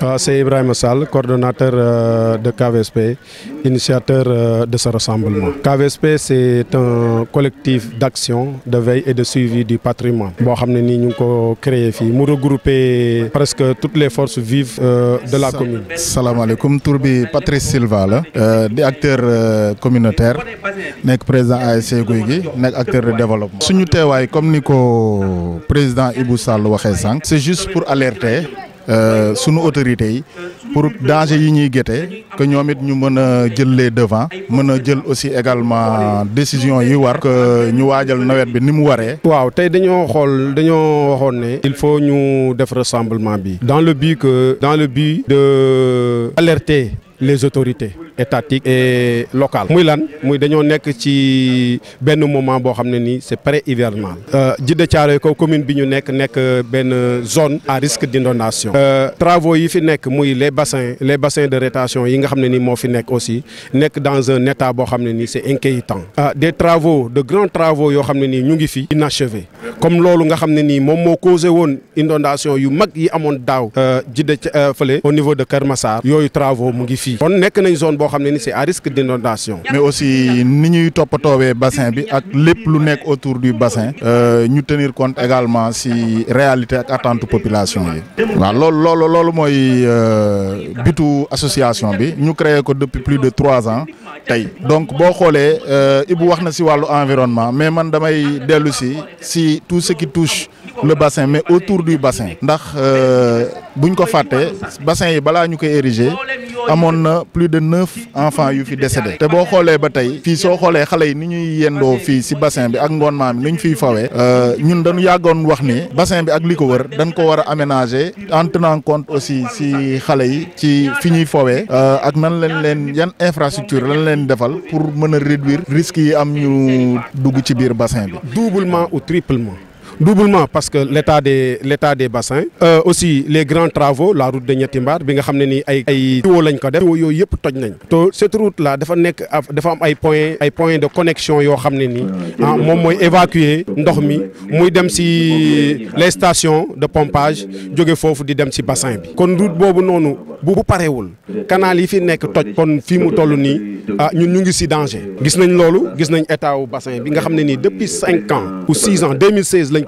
Ah, c'est Ibrahim Sall, coordonnateur euh, de KVSP, initiateur euh, de ce rassemblement. KVSP, c'est un collectif d'action, de veille et de suivi du patrimoine. nous avons créé ici. Nous regroupons presque toutes les forces vives euh, de la commune. Salam alaikum, Tourbi Patrice Silva, acteur communautaire, communautaires, président ASC Gouigui, acteur de développement. Si nous comme le président Ibou Sall, c'est juste pour alerter euh, sunu autorités yi pour danger yi ñuy gétee que ñoom it ñu mëna jël les devant mëna jël aussi également décision yi war que ñu wajal nawet bi nimu waré waaw tay dañoo xol dañoo waxoon il faut ñu def rassemblement bi dans le but que dans le but de alerter les autorités étatiques et locales muy lan muy dañoo nekk ci benn moment boo xam ne nii c'est pré-hivernal Djiddah euh, Thiaroye Kaw commune bi ñu nekk zone à risque d'inondation euh, travaux yi fi nekk muy les bassins les bassins de rétention yi nga xam ne fi aussi nekk dans un état boo xam c'est inquiétant euh, des travaux de grands travaux yoo xam ne nii ñu ngi fi inachevé comme loolu nga xam ni nii moom causé woon inondation yu mag yi amoon daaw au niveau de Kermassar, Massar yooyu travaux mu ngi on kon dans nañ zone qui est c'est à risque d'inondation mais aussi ni ñuy le bassin bi ak lépp lu nekk autour du bassin Nous euh, tenir compte également si réalité ak attente population yi waaw loolu loolu loolu mooy Nous euh, association bi ñu créé depuis plus de trois ans donc boo xoolee euh, Ibou wax si environnement mais man damay aussi si si tout ce qui touche le bassin mais autour du bassin ndax buñ ko le bassin yi balaa ériger plus de 9 enfants yu fi décédé te boo ba tay fi so xolé ni ñuy bassin bi ak ni fawé euh ñun dañu wax bassin bi ak en tenant compte aussi si xalé yi ci fi ñuy euh ak infrastructure pour réduire risque yi am ñu dugg ci biir bassin doublement ou triplement doublement parce que l'état des l'état des bassins euh, aussi les grands travaux la route de ñetti mbaar bi nga xamné ni ay ay tuyaux lañ ko def tuyaux yooyu yëpp nañ to cette route là dafa nek dafa am ay points ay points de connexion yo xamné ni nii ah évacuer ndox mi muy dem si les stations de pompage jóge fofu di dem si bassin bi kon route bobu noonu bu bu pareewul canal yi fi nek toj kon fi mu tollu ni ah ñun ñu ngi si danger gis nañ lolu gis nañ état au bassin bi nga xamné ni depuis cinq ans ou six ans 2016 lañ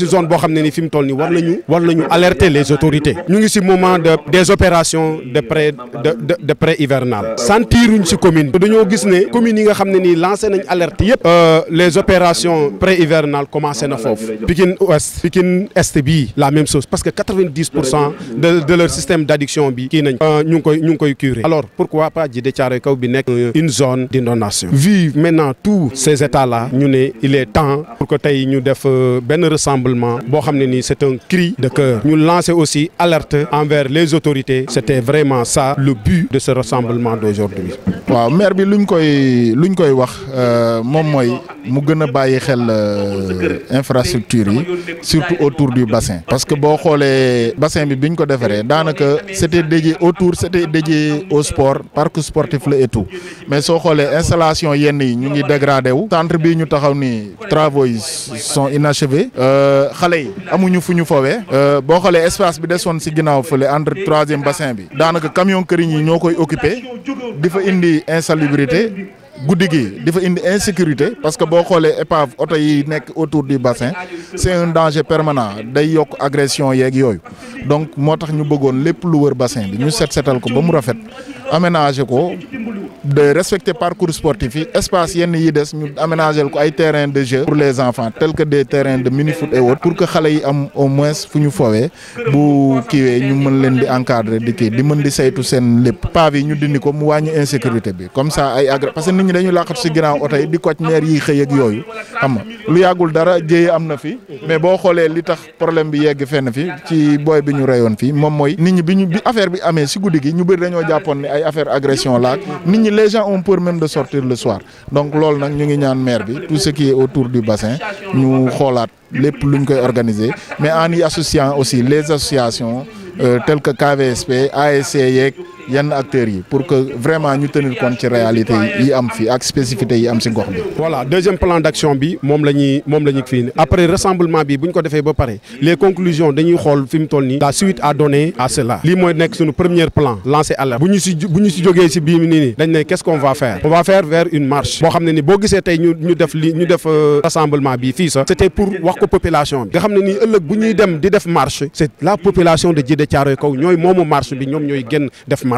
une zone où nous alerter les autorités Nous ngi ci moment de des opérations de pré de de pré hivernal sentiruñ ci commune gis communes yi nga lancé une alerte euh, les opérations pré hivernales commencent à faire. Pikine Ouest Pikine Est la même chose parce que 90% de de leur système d'addiction est euh, curé. alors pourquoi pas Djiddah Thiaroye Kao bi une zone d'inondation vive maintenant tous ces états là il est temps pour que nous ñu def euh, rassemblement c'est un cri de cœur Nous lançons aussi alerte envers les autorités c'était vraiment ça le but de ce rassemblement d'aujourd'hui waaw maire bi luñ koy luñ koy wax euh, moom mooy mu gën a bàyyi xel euh, infrastructure yi surtout autour du bassin parce que boo xoolee bassin bi ñu ko defaree daanaka c'était dédié autour c'était dédié au sport parc sportif la et mais soo xoolee installation yenn yi ñu ngi dégradé wu centre bi ñu taxaw ni travaux yi sont inachevés euh, xale yi amuñu fu ñu foowee boo xoolee espace bi desoon ci ginnaaw fële entre troisième bassin bi daanaka camion këriñ yi ñoo koy occupé insalubrité goudigui difa indi insécurité parce que bo xolé épave auto yi nek autour du bassin c'est un danger permanent day yok agression yeeg yooyu donc motax ñu bëggone lépp lu wër bassin bi ñu set setal ko ba mu rafet aménager ko de respecter parcours sportif espace yenn yi dess ñu aménager ko ay terrain de jeu pour les enfants tel que des terrains de mini foot et autres pour que xalé yi am au moins fuñu fowé bu kiwé ñu mën leen di encadrer di kii di mën di saytu sen lépp pave yi ñu dindi ko mu wañu insécurité bi comme ça ay parce que nit ñi dañu làqatu si ginnaaw oto yi di koc meer yi xey ak yoyu xam lu yagul dara jey amna fi mais bo xolé li tax problème bi yegg fenn fi ci boy bi ñu rayon fi mom moy nit ñi bi ñu affaire bi amé ci guddigi ñu bari dañu jàppoon ni à faire agression là, nit les gens ont peur même de sortir le soir donc nous nak ñu ngi tout ce qui est autour du bassin nous les les luñ koy mais en y associant aussi les associations euh, telles que KVSP ASC yenn acteurs yi pour que vraiment ñu tenir compte ci réalité yi am fi ak spécificité yi am ci gox bi. voilà deuxième plan d'action bi mom lañuy mom lañuy la après rassemblement bi buñ ko défé ba paré les conclusions dañuy xol fim toll ni la suite à donner à cela. li mooy nek suñu premier plan lancé alerte bu ñu si bu ñu si jógee si ni dañ né quest ce qu'on va faire. on va faire vers une marche. bo xamné ni bo gissé tay ñu ñu def li ñu def euh, rassemblement bi fi sax. c'était pour wax ko population bi. nga xamné ni ëlëk buñuy dem di def marche. c'est la population de Djidé Thiaroye Kaw ñoy momu marche bi ñom ñoy genn def marche.